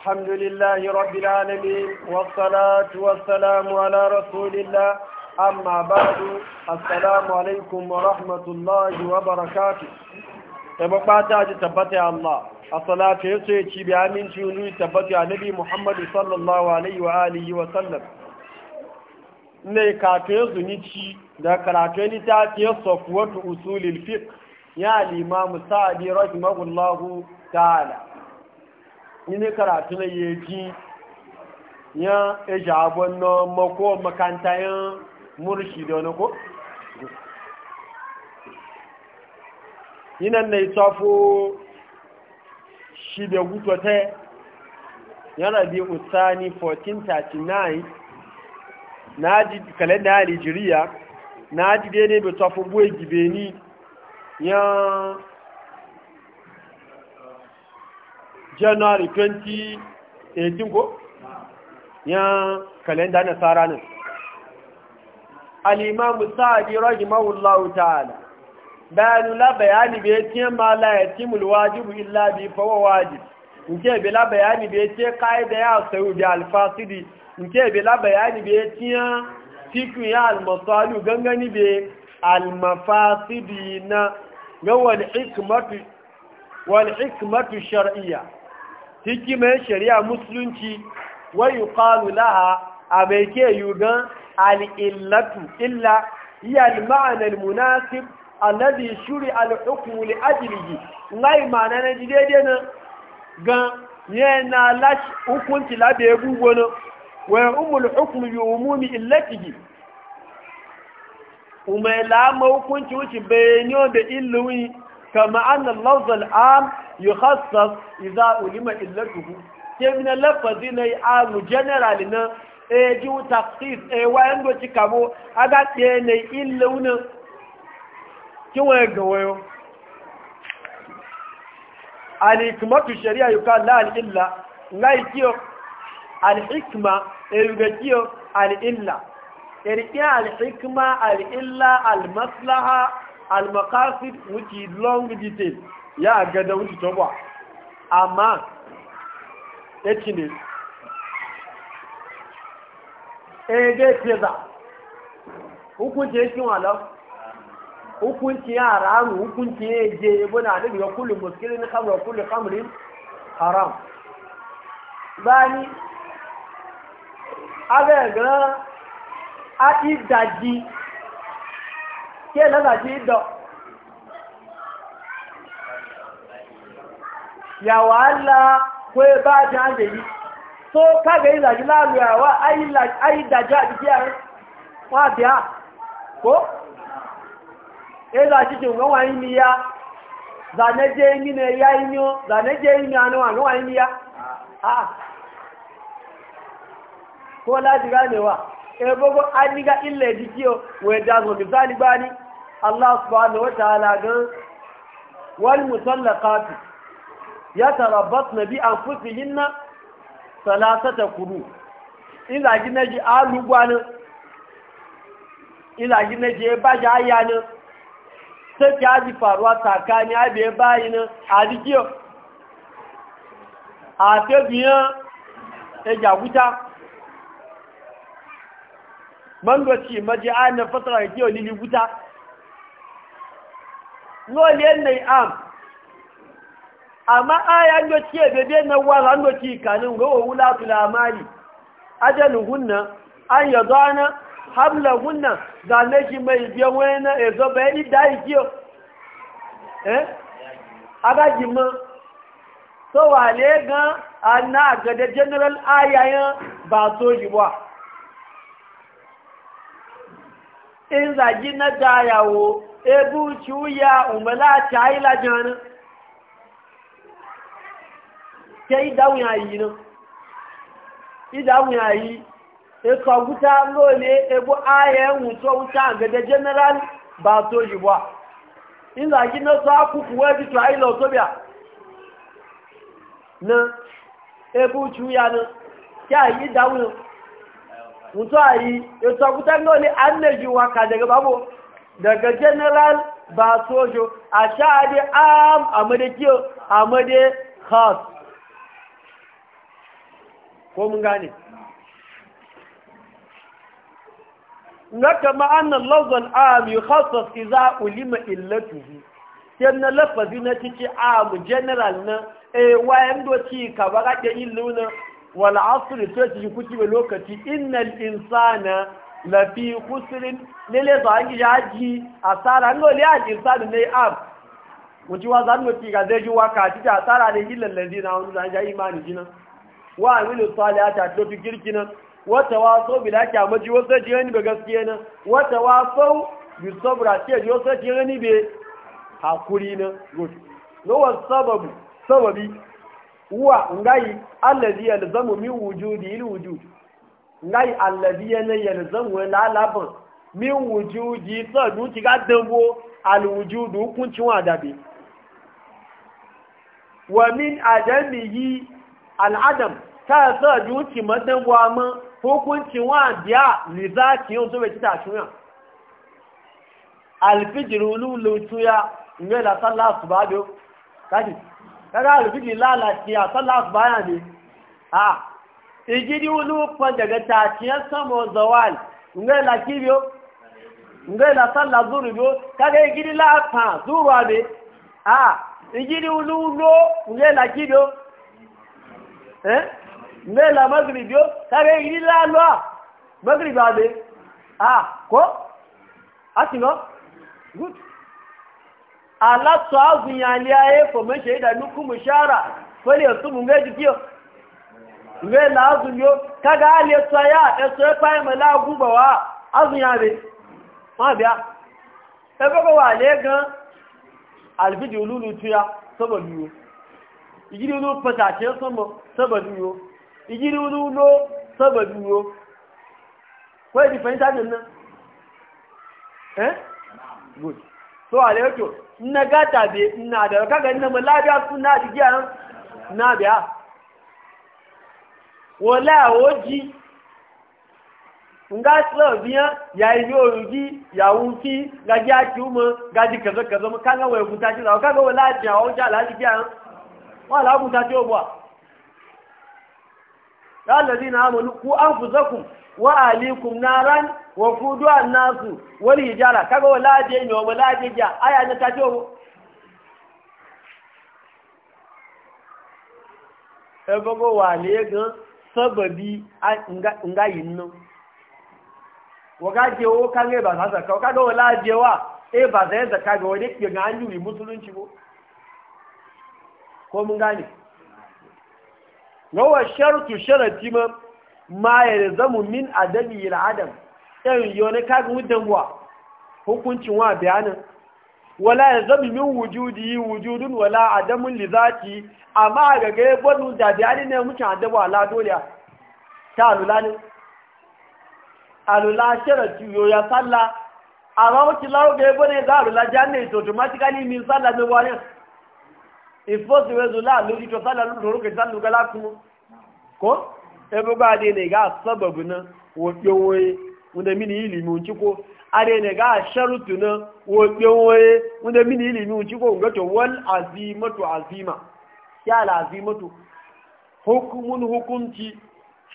الحمد لله رب العالمين والصلاة والسلام على رسول الله أما بعد السلام عليكم ورحمة الله وبركاته تبقى تاج تبتع الله الصلاة يسوي بأمين شنو تبتع نبي محمد صلى الله عليه وآله وسلم ne kafin zunici da karatun littafin sofwatu usulil fiqh ya limamu sa'adi rahimahullahu ta'ala ne karatu na ya ji ya eji abon na mako makanta ya murshi da wani ko? yinan na itafo shi da guto ta ya usani 1439 na ji kalenda alijiriya na ji daidai da tafo buwe gibe ni ya january 2018 ko ya kalenda na tsara nan al'imamu sa'adi rahimahullahu ta'ala bayanu la bayani bai ce ma la ya illa bi fawa wajib nke bi la bayani bai ce ka'ida ya sayu bi alfasidi nke bi la bayani bai ce cikin ya almasalu gangani bai almafasidi na ga wani hikmatu shar'iyya hikimar shari'a musulunci wayu qalu laha a mai ke yugan al'illatu illa iya al-ma'anar munasib alladhi shuri al-hukmu li ajlihi ngai mana na jidede na ga yana lash hukunci labe gugo na wa umul hukmu bi umumi illatihi umma la ma hukunci wuce bayani da illuwi كما أن اللفظ العام يخصص إذا علم إلته كمن اللفظين أي عام جنرالنا أي جو تخصيص أي وين جو تكابو أجا تيني إلونا كيف يقول الحكمة الشريعة يقال لا إلا لا يتيو الحكمة يقول إلا يعني الحكمة الإلا المصلحة almakasid wuce long detail ya gada wuce tobwa amma ya ci ne ege feza hukunci ya shi hukunci ya ramu hukunci ya je yabo na daga kullum muskilin kamar kullum kamarin haram bani aga gara a idaji kí ẹlẹ́làjì dọ̀ yàwó àlà kó e bá jẹ́ àjẹ́ yìí tó kágẹ̀ ìlàjì láàrin àwọn ayídàjá àjíjí àrẹ wọ́n àbí à kó ìlàjì jù wọ́n wà ní ya zànẹ́jẹ́ ní na ẹ̀yà inú zànẹ́jẹ́ inú àánú àwọn wà ní ya kó láti rá níwà ẹgbogbo anígá ilẹ̀ ìdíjí o wẹ̀dà zọ̀bí sáà nígbà ní Allah subhanahu wataala gan wal mutallaqatu yatarabbatna bi anfusihinna salasata quru ila ginaji alugwana ila ginaji baja ayana sai ya ji faruwa tsakani abe bayin adikiyo a tebiyan ejaguta mangoci maji ayan na fatara kiyo lili guta ngole ne am amma aya ndo ebebe bebe na wala ndo ti kanin go wula tula mali ajalu hunna an yadana hunna da ne mai biya na ezo zo be ni dai kiyo eh aga jimma so wale gan anna ga da general aya yan ba so jibwa in zagi na dayawo ebu uche uya umelaci anyị lajana ke ìdáhùn àyí náà ìdáhùn àyí ẹkọ̀ gúta lóòlé egbó ayẹ ẹ̀hùn tó wúta àgẹ́gẹ́ general bá tó yìíwá ìlàjí náà tó ákùkù wẹ́bí tó na ebu uche uya náà bụ. daga general ba sojo a sha'adi am a madakiyo a made khas ko mun gane na kama annan lafzan am yi khasas iza ulima illatuhu na lafazi na ciki am general na e wayan doci ka ba ga illu na wal asr to ci lokaci innal insana lafi kusurin lele za a gija a tsara an lori a jirsa da nai am wuce wa za mu ga zai ji waka ci A tsara ne yi lallazi na wani zan ja imani jinan wa amilu a to ta girki nan wata waso bila ji wasu jirani ba gaskiya nan wata bi bisabra ce ji wasu jirani be hakuri nan gudu yawan sababu sababi wa ngayi allazi yalzamu min wujudi il wujudi ngai allabi yana yanzan wa lalaban min wujuji tsadu ti ga dambo al wujudu hukuncin wa dabe wa min adamihi al adam ta tsadu ti madanbo amma hukuncin wa biya li zaki yau zobe ta shuya al fijru lulu ya ngela sallah subhanahu kaji kaga al fijri lalati ya sallah subhanahu ne ah igidi ulufan daga taciyar samo zawal ngai la kibiyo ngai la salla zuru biyo kaga igidi la fa zuru abe a igidi ululo ngai la kibiyo eh ngai la maghrib biyo kaga igidi la lo maghrib abe a ko atino good ala tsawu yali aye ko mun shaida nuku mushara fali yasu mun ga dikiyo ìwé làázùn yóò kága á lè sọ ayá ẹ̀sọ́ ẹ̀pá ẹ̀mọ̀ láàgùn bọ̀ wá azùn yàn rè wọ́n olulu gan àlùfíjì olúlu túya sọ́bọ̀ pataki ìjírí olú pẹ̀tàṣẹ́ sọ́mọ sọ́bọ̀ dúró ìjírí olú ló sọ́bọ̀ dúró wọ́n na fẹ́ńtà jẹ̀ náà ẹ́ nna e? so àlẹ́ wọlé àwọn ojì ngasila biya yayi yorugi yawuki gaji aki umu gaji kaza kaza mu kaga wa yakuta ci zawo kaga wa lati a wajen alhaji biya wa alhakuta ci obuwa ɗalazi na amalu ku an fuzaku wa alikum naran wa kudu an nasu wani hijara kaga wa lati yi wa lati biya aya na ta ci obu ebogo wa ne gan sababi nga yin nan waga je kan ne ba za zaka do ga je wa e ba zai zaka ga wani ke ga anjuri musulunci ko ko mun gane lawa shartu sharati ma ma zamu min adami ila adam ɗan yau ne mu wudan wa hukuncin wa bayanin wala ya zama min wujudi wujudun wala adamun li zati amma ga ga banu da bayani ne mutum adabu ala dole ta alula ne alula sharati yo ya salla amma mutum lawo ga bane da alula janne to automatically min salla ne wani ifo ti wezu la lori to salla lori ke sallu gala ku ko e bo ba de ne ga sababu na wo yowe wanda mini ilimi unci ko are ne ga sharutu na wobe woye wanda mini ilimi uci ko to wal azimatu azima ya la azimatu hukumun hukunci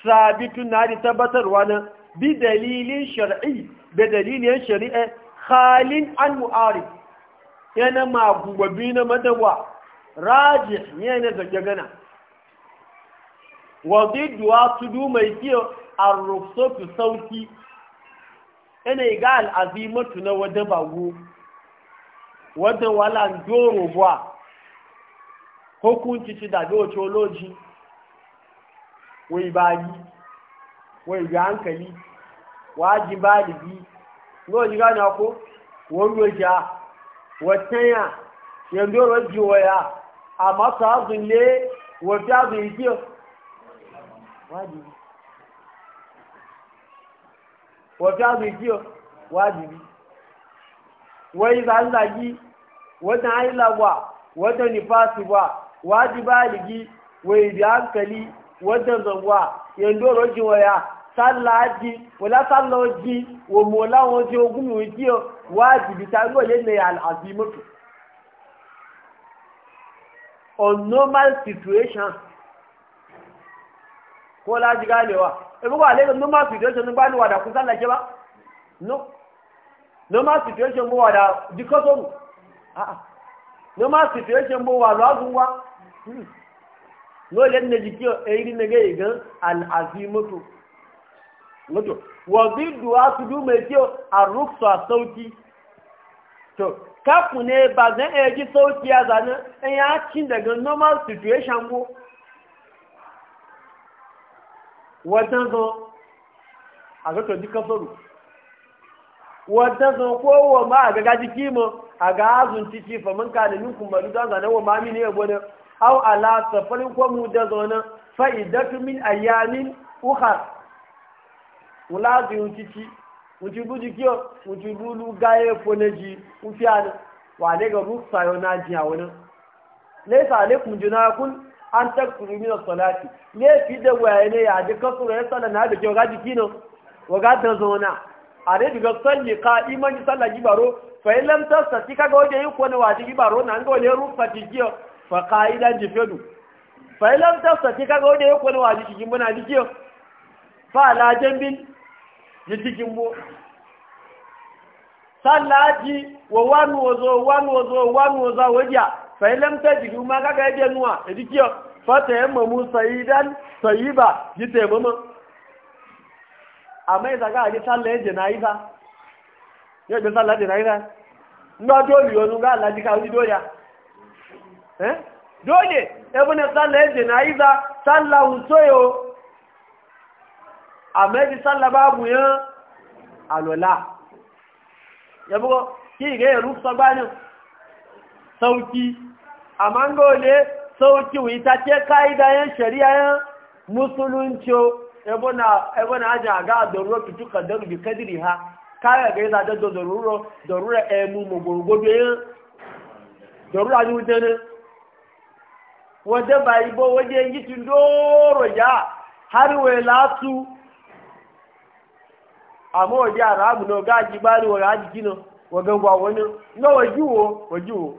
sabitu na di tabbatarwa na bi dalilin shar'i da dalilin shari'a khalin an mu'ari yana magugbabi na madawa rajih yana zage gana wa zai tudu mai kiyo a rufsofi sauki ene ga al'azimatu na wadda bagu wadda wala ndoro bwa hukunci ti dabe wace oloji wai bayi wai ga hankali waji balibi lóòjì gánà ọkọ́ wọ́n ló jà wọ̀tẹ́yà yẹ̀ndọ́rọ̀ jù wọ̀yà àmọ́sàázùn lé wọ̀tẹ́ázùn ìdíọ̀ wájìí wata zai kiyo wajibi wai za zagi wata haila ba wata nifasi ba wajiba ligi wai da hankali wata zangwa yando roji waya sallaji wala sallaji wa mola wọn ti ogun mi kiyo wajibi ta ngo le ne al'azimatu on normal situation ko laji ganewa bugo ale no normal situation ba ni wada kun tsallake ba no normal situation bo wada ah a'a normal situation bo wa lazungwa lóòlẹ́ ní jìkí èyí nígbẹ́ ìgán al'azimoto mọ́tò wọ̀n bí dùwá tudu mẹ́kí àrùkṣọ́ asauti to kápù ní eh, sauti ẹ̀yẹ́jì sauki ya zane ẹ̀yà eh, cin daga normal situation bó wadan zo a ga to duka faru wadan zo ko wa ma ga gaji kimo a ga azun ciki fa mun kana min kun bari dan zanan wa mami ne yabo ne aw ala safarin ko mu da zo na fa'idatu min ayamin ukhra ulazi untiki utubu dikiyo utubu lu gaye foneji ufiana wa ne ga rufsa yo na jiya wani laysa alaikum junakun an takfuru min salati ne fi da waye ne ya ji kasuru ya sallah na da kyau ga jiki no wa ga ta zona a dai daga salli qa'iman ji sallah gibaro fa illam tasati kaga waje yi ko ne waje gibaro na ga wale rufa jikiyo fa qa'idan jifedu fa illam tasati kaga waje yi ko ne waje jikin muna jikiyo fa la jambin jikin mu sallaji wa wani wazo wani wazo wani wazo wajiya sai lam tajidu ma kaga yaje nuwa ediki fata yamma mu sayidan sayiba gite mama amma idan ga ji sallah yaje yi ba yo je sallah de yi ba ndo do liyo nu ga laji ka uji doya eh dole ebune sallah yaje yi ba sallah usoyo amma ji sallah babu ya alola Ya bugo ki ga rufa gbani sauki amma ga ole sauki wuta ce ka'idayen shari'ayen musulunci ebona aja ga doruro tutu kadar bi kadiri ha kaya ga yana da doruro doruro emu mogorgodo yin doruro ni wuta ne wadda ba ibo wadda yin gitin doro ya har wai latu amma wadda yara abu na ga ji bari wa ga jikino wa gangwa wani na wajiwo wajiwo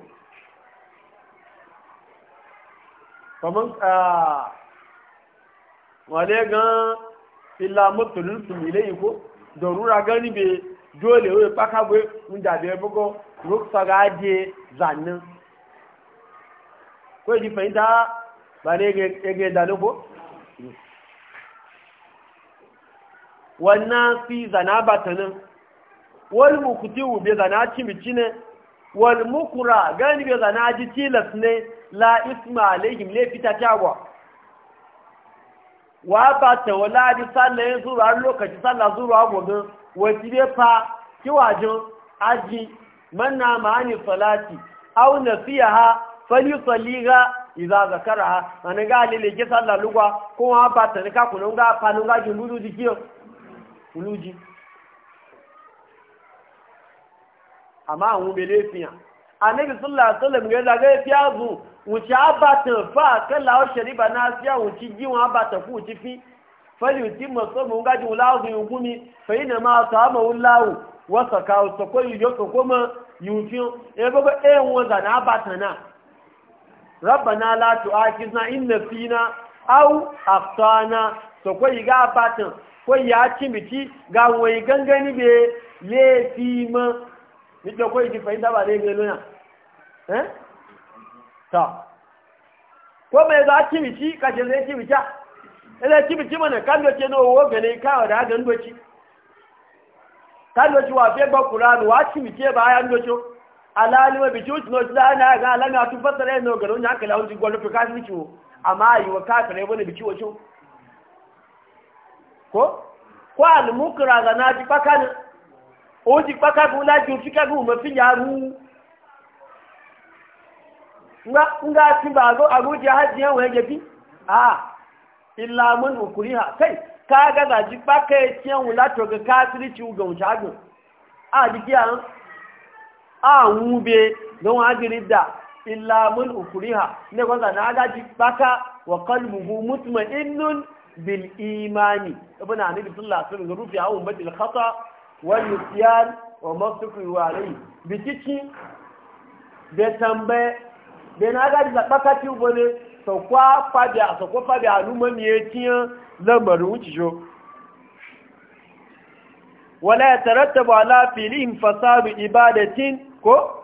faman a ah, wale gan illa mutulun sun ilayi ko rura gani be dole wai baka bai mun da bai bugo ruksa ga je zannin ko ji fahimta ba ne ga ga da ko wannan fi zanabata nan wal mukutiwu be zanaci micine wal mukura gani bai zana ji tilas ne la isma alaihim le fita kyawa wa ba ta wala di sallah yin zuwa lokaci sallah zuwa gobe wati dai fa kiwajin aji manna ma'ani salati aw nasiha falyusalliha idza zakaraha an ga lele ke sallah lugwa ko ba ta ka kunun ga fanun ga juluji kiyo juluji àmọ́ àwọn ọmọ ilé ya hàn anabi sallallahu alaihi wasallam ga zaga fi zu wuce abatan fa kala o shariba na siya wuce ji wọn abatan fu wuce fi fali wuce maso mun gaji wula azu yi gumi fa ina ma sa wu wulawu wasa ka wasa ko yi yo ko ma yi wuce e bago e wọn za na abatan na rabbana la tu'akizna in nasina aw akhtana to ko yi ga abatan ko ya cimiti ga wai gangani be le fi ma nítorí kó ìdí fẹ̀yìntà bà lẹ́gbẹ̀ẹ́ lónà tà kó mẹ́ za cibici kashe zai cibica ilẹ̀ cibici mana kan doce na owó gane da hagan doci kan doci wa fiye ba kuranu wa cibice ba ya doci alali wa bici wuce noci da a tun a ko na ji bakanin ó ti pákágun lájú fíkágun mọ̀ fi yàrú ńgá tí bá agójì ajé ẹ̀wọ̀n ẹ̀jẹ̀ bí a ìlàmọ́ òkúrí ha tẹ́ káàgàdà jí pákẹ́ tí ẹ̀wọ̀n látọ̀gẹ̀ káàkiri tí ugbọ̀n ṣágùn àdìgí àwọn ube lọ́wọ́n agiri dà ìlàmọ́ náà wọ̀kọ́lùmùhù inú bil imani ibùnà níbi tó lásìrò lórúfẹ́ àwọn mẹ́tìlì kọ́tọ́ wani siyan wa masu wari bikici da tambe da na gaji zaɓakati wani saukwa fabi a saukwa fabi a numa ne ya tiya lamarin wuce jo wala ya tarattaba ala filin fasadu ibadatin ko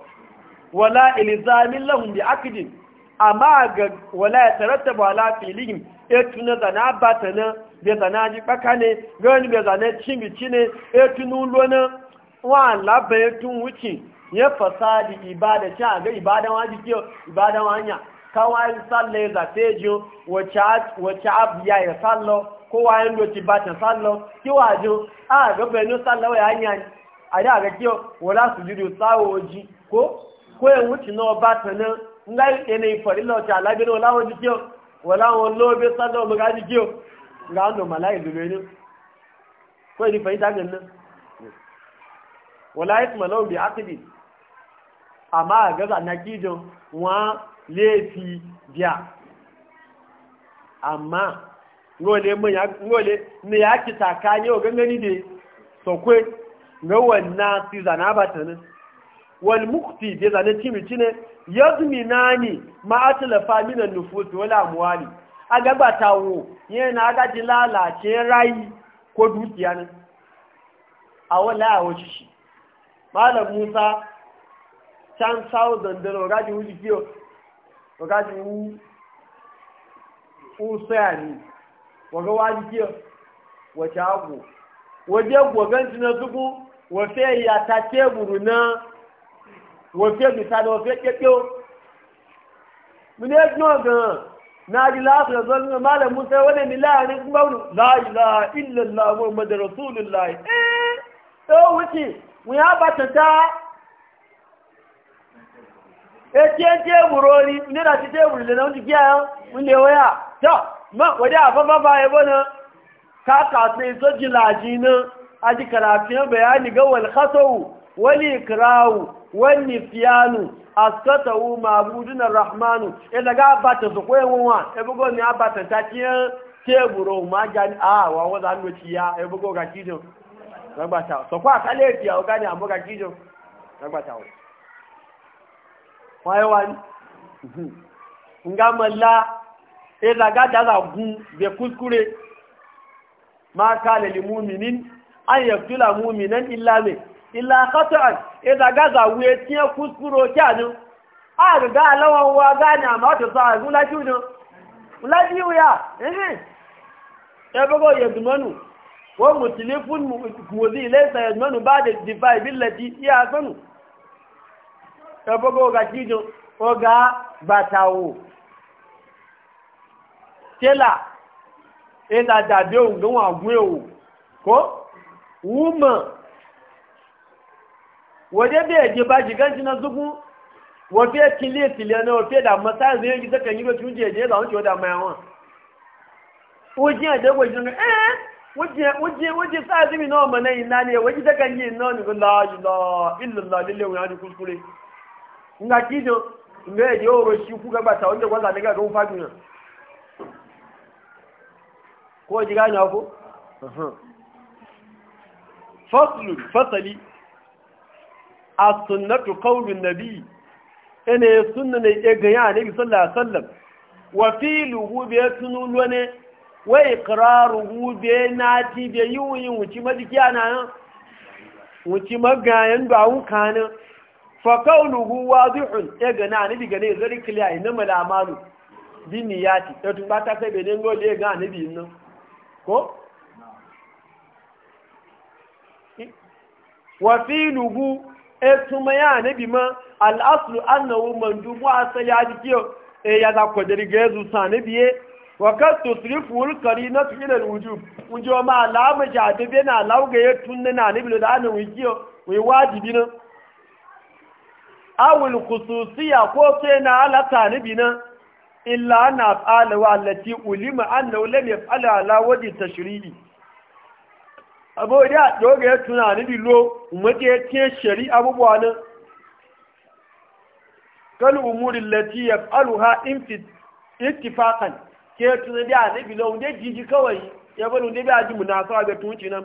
wala ilizamin lahun bi akidin amma ga wala ya tarattaba ala filin etu na zana bata na zana aji kpaka ne gani bai zana cimici ne etu nulo na wa laba etu wuce ya fasadi ibada ci a ga ibadan waji kiyo ibadan wanya kawa yin salla ya zafe ji wace abiya ya sallo kowa yin doki bata sallo kiwa ji a ga benin sallo ya hanya a da ga kiyo wala su jiri oji ko ko ya e wuce na bata na ngai ene ifari lauta labirin wala waji kiyo wọ́n láwọn olóògbé sọ́dọ̀ ọmọ gáàdì kí o ga ọ̀nà màláì lórí ẹni kó ìdí fẹ̀yìntà Wala náà wọ́n láyé bí ákìdì àmà àgẹ́sà nàkíjọ wọ́n lè fi bíà àmà ngole ne ya kitaka kanye o gangani da sokwe ga na ti ba ta nan wal mukti je zane cimi cine ni ma atlafa min an nufus A amwali aga batawo yana aga ji lalace rai ko dukiya ne a wala a wacce shi malam musa can sawo dandana wagaji wuji ga ji wu usaya wa waga waji kiyo wace abu. waje gwaganci na wa wafe ya ta teburu na wòfé bisá ni wòfé kéké o mìlẹ gbọ́n gan náàdì láàfin ọ̀sán ní ọmọ alẹ́ musa wọ́n lè ní láàrin gbọ́rù láìlá ìlẹ̀lá àwọn ọmọdé rọ̀súlù láì ẹ́ tó wùtì wọ́n yá bá tẹ̀tà etí ẹ̀ téèbùrù orí nígbà tí téèbùrù lè náà ń jìgí ẹ̀ ń lè wọ́yà tó mọ̀ wọ́dí àfọ́fọ́fà ẹ̀bọ́ náà káàkà wali kirawu wani fiyanu askatawu mabudun rahmanu ya e daga bata su koyan wawa ya e ni ne abata ta kiyar teburo ma gani a ah, wa wanda an e ya ya ga kijin ragbata so kwa kale fiya o gani amma ga kijin ragbata wa wayo wani nga malla ya daga daga gun be kuskure ma kala limuminin an yaktula muminan illa mai illa khatan idza gaza wuye tiye kuskuro kyanu a ga ga lawan wa gani amma to sa ga laji no laji wuya eh ya bago ya dumanu wa mutlifun muzi laysa yadmanu ba'da difa'i billati iya sanu ya bago ga kijo o ga batawo tela idza dabe o waje da ya ba jigan shi na zugu wafe tile tile na wafe da masa zai yi zaka yi wasu je je zawon ciwo da mayawa wajen a jago shi na eh waje waje sa zimi na wama na yi na ne waje zaka yi na ni ga laji la illallah lalle wani hajji kuskure nga kijin nga ya je oro shi kuka ba ta wanda gwaza daga ga ufa duniya ko ji gani ko faslun fasali a sunnatu kaunin nabi ina ya sunna ne ya ganya a nabi sallallahu alaihi wasallam wa fi lugu biya tunulu ne wa iqraruhu biya nati biya yiwuyi wuci majikiya na nan wuci magayan da an kanin fa kaunuhu wadihun ya gana a nabi gane zari kiliya ina malamalu bin niyati ya tun ba ta sai bai ne ngole ya gana nabi nan ko wa fi lugu etuma ya nabi ma al'aslu annahu mandubu asali hadiki e ya za ga yazu Sani biye. wa kad tusrifu al qarinatu ila al wujub unjo ma alama ja de be na lauga ya tunna na nabi da anan wikiyo wi wajibi na awul khususiyya ko sai na ala ta bi na illa na af'ala wa allati ulima annahu lam yaf'ala ala wajhi tashri'i abu da doga ya di lo mace ya ce shari abubuwa nan kan umurin lati ya aluha intifakan ke tunani da na lau wunde jiji kawai ya bari wunde da ji munafa ga tunci nan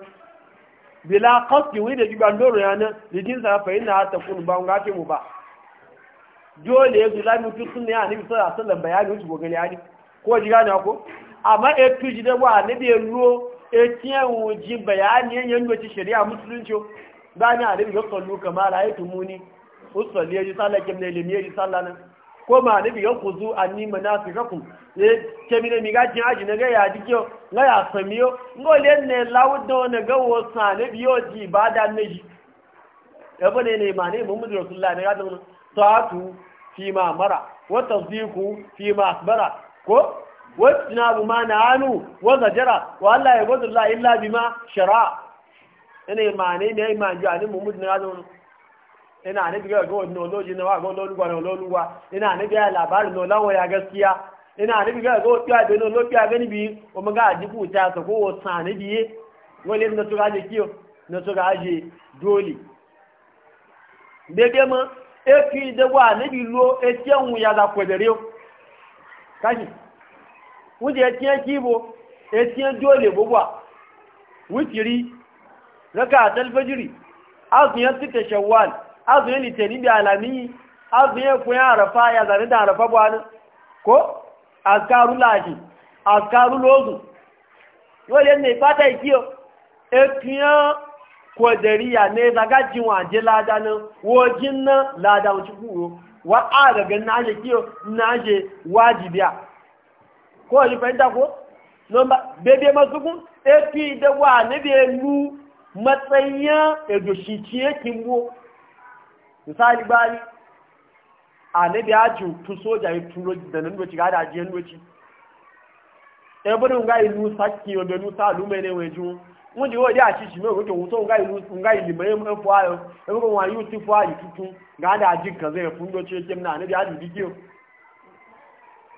bila kasti wani da ba doro ya nan jin sa fa na ta kun ba wunga ce mu ba dole ya zula mutu ne ya nabi sallallahu alaihi wasallam bayani wuce gogale ali ko ji gane ko amma ya tuji da wa nabi ruo etiyan wuji bayaniyan yanzu shari'a musulunci ba ni a nabi ga sallu kama ya tumuni usalli ya ji sallah kim ji sallah nan ko ma nabi ga kuzu anni manasikakum ne kemi ne mi ga jin aji na ga ya dikiyo na ya samiyo ngo le ne na ga wo sa ne biyo ji bada ne ji e, ne ma ne muhammadu rasulullah ne ga dun ta'atu fi ma mara wa tasdiqu fi ko واجتنا بما نعانو وزجرا والله يقول الله إلا بما شرع ina ne ma ju na ina ne na wa go lolu wa ina ne labarin ya gaskiya ina ne biga go tiya na no lotiya gani bi o a ajibu ta ka ko o sane biye wole na tuga je kiyo na tuga je doli bebe ma e fi de wa ne bi lo e ya da kashi wúdi ẹtí ẹtí ibo ẹtí ẹjọ́ lè gbogbo à wútìrí lọ́kà àtẹ́lifẹ́jìrì azùnyẹ́ títẹ̀ ṣẹ̀wọ́n azùnyẹ́ lè tẹ̀ níbi àlàmí azùnyẹ́ fún àràfá yàzàrídà àràfá buhari kó àkàrú láàjì àkàrú lóòzù yóò lè ní ìpátá ìkí o ẹkùnyán kòdẹ̀ríyà ní ìdágájíwọn àjẹ́ládá náà wọ́n jí ná ládá òtúkú wo wọ́n àgàgà náà ṣe kí o náà ṣe ko yi fahimta ko nomba bebe mazukun efi da wa ne da lu matsayin edo shi ciye kimbo misali bani a ne da yaji tun soja yi tun roji da nan roci ga da ajiyar roci ebirin ga ilu saki obe nusa alume ne weju wọ́n di wọ́n àti ìṣìmọ̀ òkúta òun tó ń gá ìlú mẹ́rin fún ayọ̀ ẹgbẹ́ wọn yóò ti fún ayọ̀ tuntun gáádà àjíǹkan zẹ́yẹ̀ fún lọ́tí ẹjẹ́ náà níbi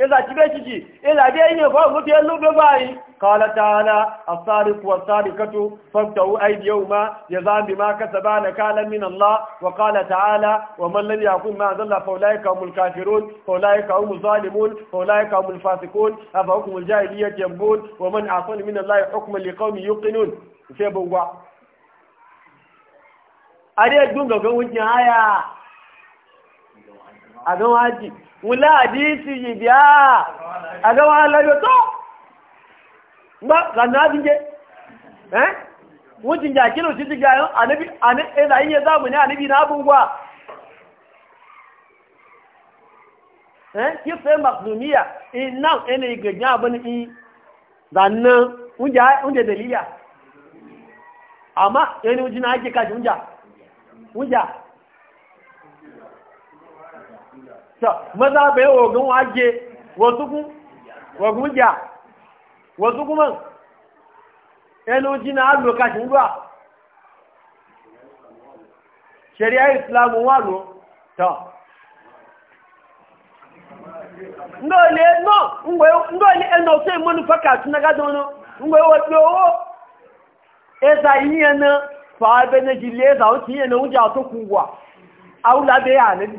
إذا تبيتي إذا ديني فأغتي اللو بباي قال تعالى الصادق والصادقة فابتعوا أيديهما جزاء بما كسبا نكالا من الله وقال تعالى ومن لم يكن ما ذل فأولئك هم الكافرون فأولئك هم الظالمون فأولئك هم الفاسقون أفحكم الجاهلية يبغون ومن أحسن من الله حكما لقوم يوقنون في بوا أريد دون غوغو وجه هيا أغوانجي wùlá àdíìsì yìí àgbẹ́wà lọ́yọ̀ tó gbọ́ lànà àbíjẹ́ ẹ́ na ti kílò sí ti gayon ẹ̀là yíyẹ záàmù ní àníbì náà bú wà ẹ́ kí fẹ́ maklumiya iná ẹni ìgbẹ̀gbẹ̀ abin i zanna oúnjẹ dalila amma ẹni ojú náà jẹ́ kájú oúnjẹ to maza bai ogun waje wasu kun ja wasu ẹnu jina alokashin gba ṣẹ̀ríà ìsìlámù wà ló tọ́ ngole no ngwe ngole eno se manufacture tunaga dono ngwe wodo eza yiyana fa bene jile za o tiyana uja to kuwa be ya nabi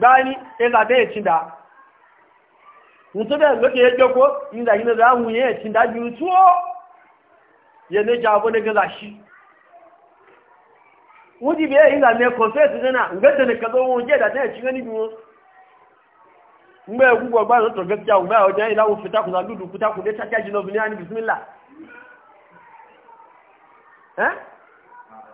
gani ina da ya cinda mutu da loke ya joko inda yi na zamu ya cinda biyu tuwo ya ne jabo na gaza shi wuji biya inda ne confess dana ngadda ne kazo mu je da ta ci gani biyu ngbe gugu gba no to gaskiya ngbe o je ila wo fita ku na dudu fita ku de ta jaji no bi ni bismillah eh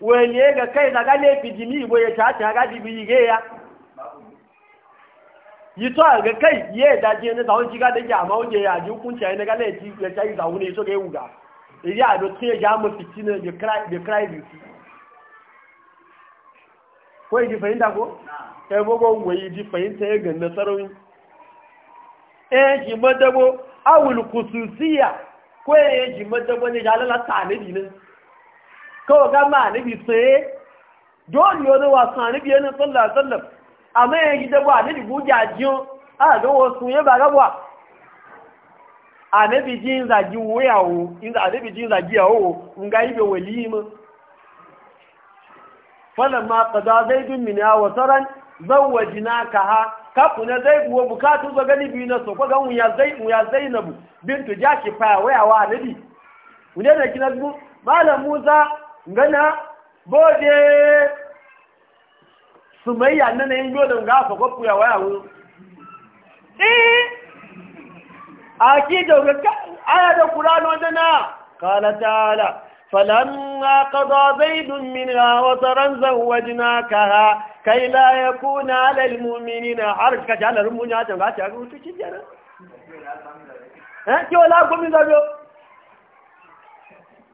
wenye ga kai daga laifi jimi ibo ya caci haka jibi yige ya yi to ga kai ye da je ne zawon jiga da ya ma ya ji hukunci ai daga laifi ya caci zawon ne so ga yuga iri a do tiye ja mu fitina be cry be cry bi ko yi fahimta ko e bogo wai ji fahimta ya ga nasarowi e ji madabo awul khususiyya ko e ji madabo ne jalala talibi ne kawai ma anabi sai? dole wani wasu anabi yana sallah sallah amma ya gida ba anabi buja jiyo a ga wasu ya ba ba. anabi jin zagi wuyawo inda anabi jin zagi yawo in ga ibe walima falamma qada zaidun minha wa taran zawajnakaha kafu Kafuna zai wa bukatu zo gani biyu na so ko gan ya zaibu ya zainabu bintu jaki fa wayawa anabi wanda da kina zu malam musa gana bode su mai yana na yin godon ga aka kwafi a waya wu eh a ki daga aya da kurano dana kala ta'ala falamma qada zaidun minha wa taran zawajnakaha kai la yakuna lil mu'minina harka jalar munya ta ga ta rutu kijara eh ki wala gumi zabo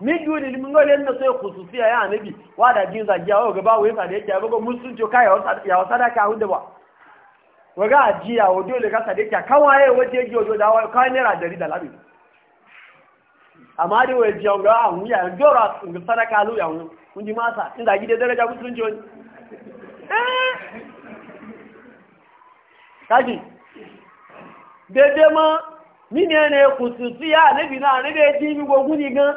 min duni min gole na sai khususiya ya annabi wa da jin zagiya wa gaba wai sa da yake ba musun to kai ya wa da ka hunde ba wa ga ajiya o dole ka sa da yake kan waye waje ji wajo da wa kai ne ra jarida labi amma dai wai ji ga an ya dora sun sadaka lu ya hun kun ji masa in da gide daraja musun jo eh kaji dede ma mini ne khususiya annabi na annabi ji mi gogu ni gan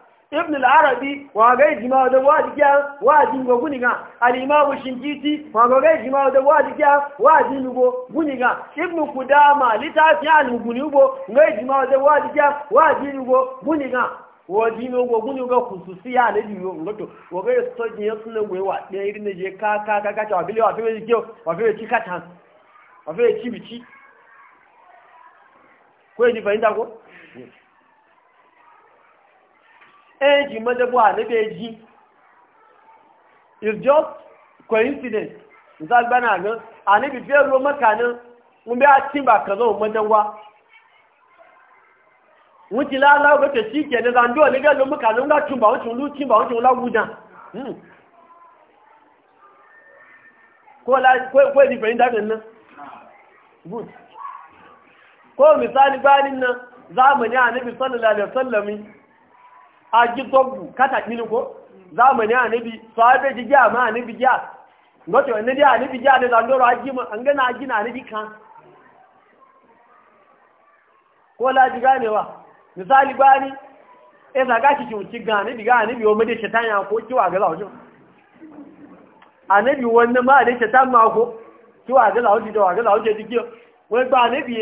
ibn al-arabi wa ga ijma da wajiya wajin go guniga al-imam wa ga ijma da wajin go guniga ibn kudama litafi al-guni ga ijma da wajiya wajin go guniga wajin go guniga khususiya diyo ngoto wa ga we wa eji madabu a na beji is just coincidence misali bana gan a na bifiyar ruwa makanin a cin ba ka zo madawa wuce lalawa ba shi ke da zanduwa ne galo makanin ga cin ba wucin lucin ba wucin lagudan ko ni fahimta ɗin nan good ko misali banin nan zamani a nabi sallallahu alaihi wasallami Aji gizogbu kata kini ko zamani anabi, nabi sahabe ji gya ma anabi nabi gya ngoto wani dai a nabi gya ne zandoro aji ma an gana a gina a nabi kan ko laji ganewa misali bani e zaga ki ki uci ga nabi ga nabi o made shaitan ya ko wa ga zawo a nabi wannan ma da shaitan ma ko wa ga zawo ji da ga zawo ji dikiyo wai ba nabi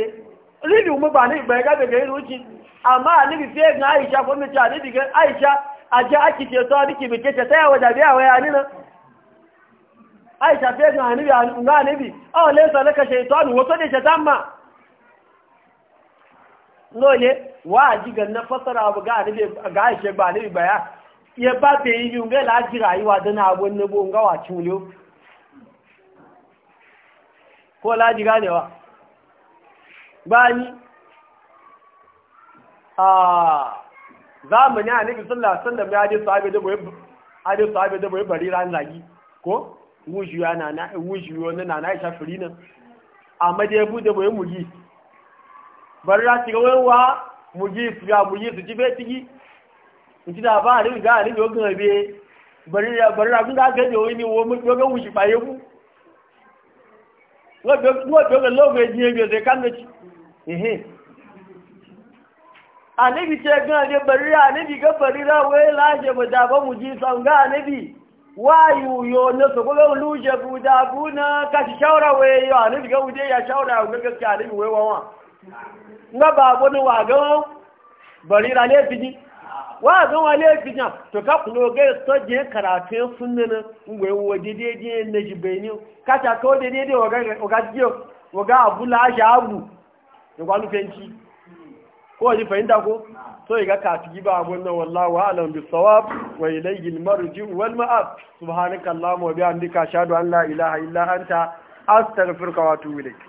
ne ni mu ba nabi ba ga ga ga ruci amma nufi fiye ga Aisha ko mace nufi ga Aisha ji ake ce to diki bice ta yawa waje biya waya ni nan Aisha sai ga wale sa annabi aw to a nufi wato ne ta ma ne wa ji ganin na fasara abu ga annabi ga Aisha ba nufi baya ya ba be yi yunga la ji rayuwa don na abun bo wa ko la ji ba bani za mu nabi a alaihi wasallam ya da mai ade sahabe da boye bari ran zagi ko wujuwa na na wuju wannan na na Aisha firina amma dai bu da boye mugi bari ra ti gawen wa mugi su ga mugi su ji beti gi ci da ba a ni ga ni dogon be bari ra bari ra ga ga yo ni wo mugi ogun wuju baye yebu wo dogon wo dogon lo ga ji be ze kan ne ehe anabi ce gan ne barira anabi ga barira wai laje ba da ba mu ji sanga anabi wayu yo ne so ko ga luje bu da bu na ka ci shawara wai yo anabi ga uje ya shawara ga gaskiya anabi wai wawa ba wa ga ne fiji wa ga wa ne fiji to ka ga so je karatu sunna wai de ne ji ka ta ko de de ga ga ji ga ko ji fahimta ko so yi ga kafi ba wannan wallahu a'lam bisawab wa ilayhi almarji'u wal ma'ab subhanakallahumma wa bihamdika ashhadu an la ilaha illa anta astaghfiruka wa atubu ilayk